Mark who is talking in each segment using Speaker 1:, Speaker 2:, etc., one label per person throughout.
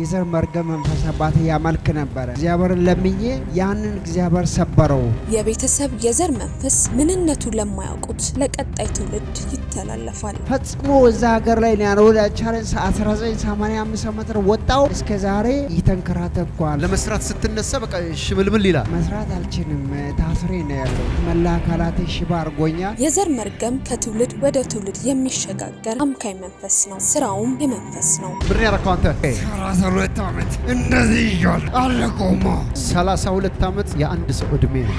Speaker 1: የዘር መርገም መንፈስ አባት ያመልክ ነበረ። እግዚአብሔርን ለምኜ ያንን እግዚአብሔር ሰበረው።
Speaker 2: የቤተሰብ የዘር መንፈስ ምንነቱ ለማያውቁት ለቀጣይ ትውልድ ይተላለፋል።
Speaker 1: ፈጽሞ እዛ ሀገር ላይ ያኖር 1985 ዓመት ወጣው እስከ ዛሬ ይተንከራተኳል።
Speaker 3: ለመስራት ስትነሳ በቃ ሽምልምል ይላል።
Speaker 1: መስራት አልችልም፣ ታስሬ ነው ያለው። መላ አካላቴ ሽባ አርጎኛል።
Speaker 2: የዘር መርገም ከትውልድ ወደ ትውልድ የሚሸጋገር አምካይ መንፈስ ነው። ስራውም የመንፈስ ነው።
Speaker 3: ብር ያረከው አንተ
Speaker 4: 32 ዓመት እንደዚህ ይል አለቆሞ
Speaker 3: 32 ዓመት የአንድ ሰው እድሜ ነው።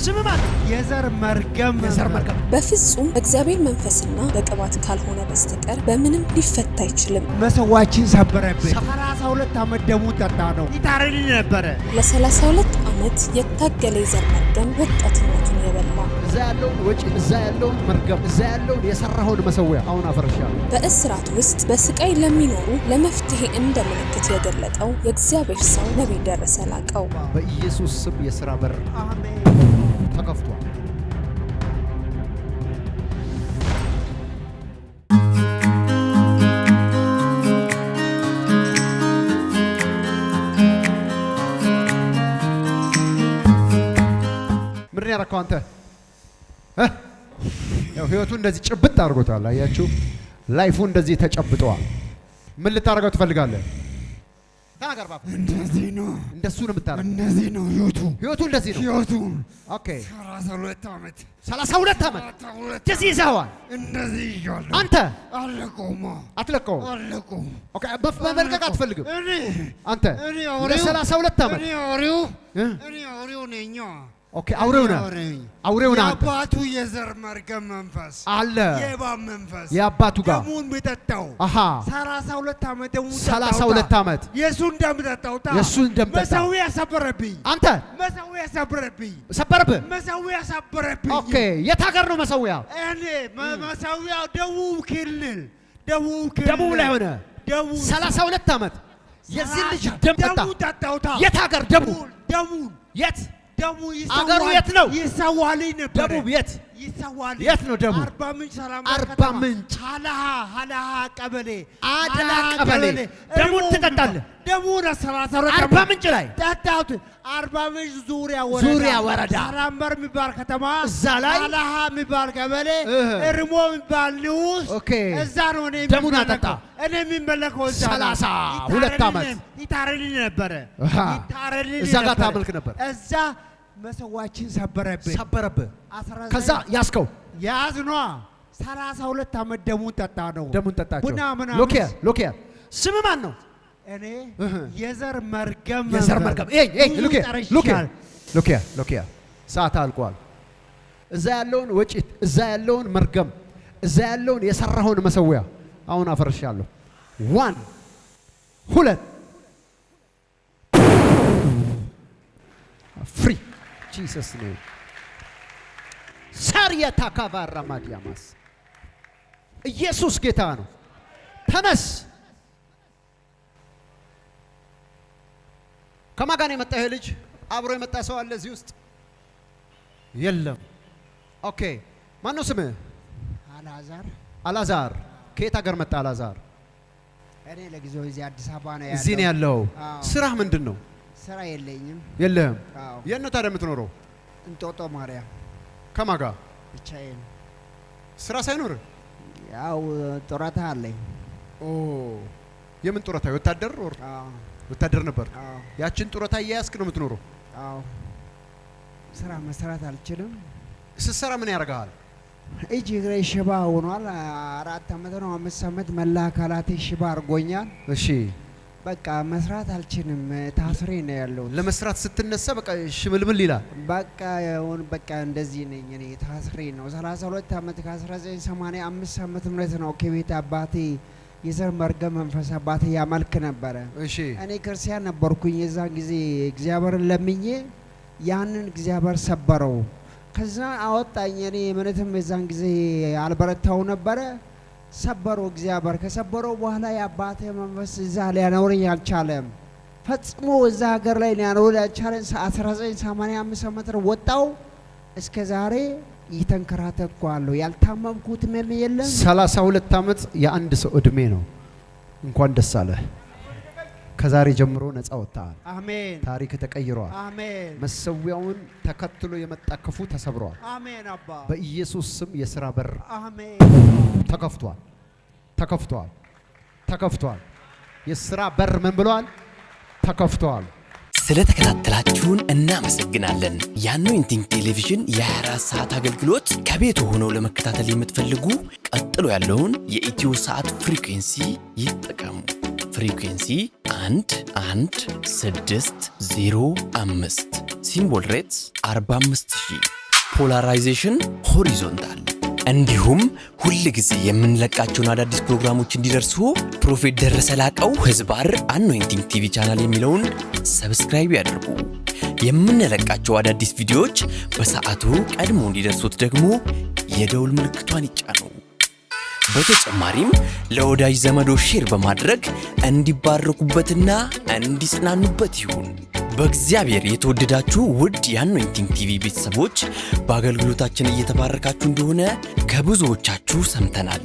Speaker 1: ስምማት የዘር መርገም የዘር መርገም
Speaker 2: በፍጹም እግዚአብሔር መንፈስና በቅባት ካልሆነ በስተቀር በምንም ሊፈታ አይችልም።
Speaker 1: መሰዋችን ሰበረብን። ሰላሳ ሁለት ዓመት ደሙ ጠጣ ነው ይታረል ነበረ።
Speaker 2: ለሰላሳ ሁለት ዓመት የታገለ የዘር መርገም ወጣትነቱን የበላ
Speaker 1: እዛ ያለውን ወጪ፣ እዛ ያለውን መርገም፣ እዛ ያለውን የሰራውን መሰዊያ አሁን አፈርሻለሁ።
Speaker 2: በእስራት ውስጥ በስቃይ ለሚኖሩ ለመፍትሄ እንደ ምልክት የገለጠው የእግዚአብሔር ሰው ነቢይ ደረሰ ላቀው
Speaker 3: በኢየሱስ ስም የሥራ በር
Speaker 1: አሜን።
Speaker 3: ተከፍቷል። ምንድን ያደረከው አንተ? ህይወቱ እንደዚህ ጭብጥ አድርጎታል። አያችሁ፣ ላይፉ እንደዚህ ተጨብጠዋል። ምን ልታደርገው ትፈልጋለህ? ተናገር ባባ።
Speaker 4: እንደዚህ ነው፣
Speaker 3: እንደሱ ነው የምታደርገው።
Speaker 4: እንደዚህ ነው ህይወቱ፣ ህይወቱ እንደዚህ ነው ህይወቱ። ኦኬ 32 ዓመት
Speaker 3: 32 ዓመት እንደዚህ ይዘኸዋል፣
Speaker 4: እንደዚህ ይዤዋለሁ። አንተ አለቆማ አትለቀው፣ አለቆ
Speaker 3: ኦኬ። በመልቀቅ አትፈልግም። አንተ እኔ አውሬው 32 ዓመት
Speaker 4: እኔ አውሬው እኔ አውሬው ነኝ።
Speaker 3: ኦኬ አውሬው ነህ፣ አውሬው ነህ።
Speaker 4: የአባቱ የዘር መርገም መንፈስ አለ። የባ መንፈስ
Speaker 3: የአባቱ ጋር
Speaker 4: ደሙን የሚጠጣው አሃ፣ 32 ዓመት ደሙን
Speaker 3: 32 ዓመት
Speaker 4: የእሱን ደም ጠጣው።
Speaker 3: የእሱን ደም ጠጣው።
Speaker 4: መሠዊያ ሰበረብኝ። አንተ መሠዊያ ሰበረብኝ። ሰበረብህ። መሠዊያ ሰበረብኝ።
Speaker 3: ኦኬ፣ የት ሀገር ነው መሠዊያው?
Speaker 4: እኔ መሠዊያው ደቡብ ክልል፣ ደቡብ ክልል፣
Speaker 3: ደቡብ ላይ ሆነ። ደቡብ 32 ዓመት የዚህ ልጅ ደም ጠጣው። የት ሀገር ደቡብ? ደቡብ የት ደሙ አገሩ የት ነው?
Speaker 4: ይሰዋልኝ ነበር። ደሙ የት ይሰዋልኝ? የት ነው ደሙ? አርባ ምንጭ ሰላም፣
Speaker 3: አርባ ምንጭ
Speaker 4: ሀለሃ፣ ሀለሃ ቀበሌ፣
Speaker 3: አዳላ ቀበሌ። ደሙን ትጠጣለህ። ደሙ አርባ ምንጭ ላይ
Speaker 4: ጠጣሁት። አርባ ምንጭ ዙሪያ ወረዳ ዙሪያ ወረዳ ሰላምበር የሚባል ከተማ እዛ ላይ ሀለሃ የሚባል ቀበሌ እርሞ የሚባል ንዑስ እዛ ነው እኔ ደሙን አጠጣ እኔ የሚመለከው
Speaker 3: እዛ ሰላሳ ሁለት ዓመት
Speaker 4: ይታረልኝ ነበረ ይታረልኝ
Speaker 3: እዛ ጋር ታመልክ ነበር
Speaker 4: እዛ መሰዋችን ሰበረብህ
Speaker 3: ሰበረብህ። ከዛ ያስከው
Speaker 4: ያዝኗ ሰላሳ ዓመት ደሙን ጠጣ ነው ደሙን ቡና ምናምን ስም ማን ነው? እኔ የዘር መርገም
Speaker 3: የዘር መርገም ሰዓት አልቋል። እዛ ያለውን ወጪት፣ እዛ ያለውን መርገም፣ እዛ ያለውን የሰራኸውን መሰዊያ አሁን አፈርሻለሁ። ዋን ሁለት ፍሪ Jesus' name. ሳርያ ታካቫራ ማዲያማስ ኢየሱስ ጌታ ነው። ተነስ። ከማጋን የመጣ ይሄ ልጅ አብሮ የመጣ ሰው አለ እዚህ ውስጥ የለም። ኦኬ፣ ማነው ስምህ? አላዛር። አላዛር ከየት ሀገር መጣ? አላዛር
Speaker 5: እኔ ለጊዜው እዚህ አዲስ አበባ ነው ያለው።
Speaker 3: እዚህ ነው ያለው። ስራህ ምንድን ነው?
Speaker 5: ስራ የለኝም።
Speaker 3: የለህም? የት ነው ታዲያ የምትኖረው?
Speaker 5: እንጦጦ ማርያም። ከማን ጋር? ብቻዬን። ስራ ሳይኖር? ያው ጡረታ አለኝ።
Speaker 3: የምን ጡረታ? ወታደር ወር ወታደር ነበር። ያችን ጡረታ እያያዝክ ነው የምትኖረው?
Speaker 5: አዎ። ስራ መስራት አልችልም።
Speaker 3: ስትሰራ ምን ያደርግሃል?
Speaker 5: እጅ እግሬ ሽባ ሆኗል። አራት አመት ነው አምስት አመት መላ አካላቴ ሽባ አድርጎኛል። እሺ በቃ መስራት አልችልም፣ ታስሬ ነው ያለው።
Speaker 3: ለመስራት ስትነሳ በቃ ሽምልምል ይላል።
Speaker 5: በቃ ሆን በቃ እንደዚህ ነኝ እኔ ታስሬ ነው። 32 ዓመት ከ1985 አመት ምህረት ነው ከቤት አባቴ የዘር መርገም መንፈስ አባቴ ያመልክ ነበረ። እሺ እኔ ክርስቲያን ነበርኩኝ። የዛን ጊዜ እግዚአብሔርን ለምኜ ያንን እግዚአብሔር ሰበረው፣ ከዛ አወጣኝ። እኔ ምንትም የዛን ጊዜ አልበረታው ነበረ ሰበረው። እግዚአብሔር ከሰበረው በኋላ የአባቴ መንፈስ እዛ ሊያኖረኝ አልቻለም። ፈጽሞ እዛ ሀገር ላይ ሊያኖረኝ አልቻለም። ከ1985 ዓመት ወጣው እስከ ዛሬ እየተንከራተትኩ ያልታመምኩት ህመም የለም።
Speaker 3: 32 ዓመት የአንድ ሰው እድሜ ነው። እንኳን ደስ አለህ። ከዛሬ ጀምሮ ነፃ ወጥተሃል። አሜን። ታሪክ ተቀይሯል። አሜን። መሰዊያውን ተከትሎ የመጣ ክፉ ተሰብሯል። አሜን። አባ በኢየሱስ ስም የሥራ በር አሜን፣ ተከፍቷል፣ ተከፍቷል፣ ተከፍቷል። የሥራ በር ምን ብሏል? ተከፍቷል።
Speaker 6: ስለተከታተላችሁን እናመሰግናለን። የአኖይንቲንግ ቴሌቪዥን የ24 ሰዓት አገልግሎት ከቤት ሆነው ለመከታተል የምትፈልጉ ቀጥሎ ያለውን የኢትዮ ሰዓት ፍሪኩንሲ ይጠቀሙ። ፍሪኩንሲ 1 1 6 0 5 ሲምቦል ሬትስ 45000 ፖላራይዜሽን ሆሪዞንታል። እንዲሁም ሁል ጊዜ የምንለቃቸውን አዳዲስ ፕሮግራሞች እንዲደርሱ ፕሮፌት ደረሰ ላቀው ህዝባር አኖይንቲንግ ቲቪ ቻናል የሚለውን ሰብስክራይብ ያድርጉ። የምንለቃቸው አዳዲስ ቪዲዮዎች በሰዓቱ ቀድሞ እንዲደርሱት ደግሞ የደውል ምልክቷን ይጫኑ። በተጨማሪም ለወዳጅ ዘመዶ ሼር በማድረግ እንዲባረኩበትና እንዲጽናኑበት ይሁን። በእግዚአብሔር የተወደዳችሁ ውድ የአኖይንቲንግ ቲቪ ቤተሰቦች በአገልግሎታችን እየተባረካችሁ እንደሆነ ከብዙዎቻችሁ ሰምተናል።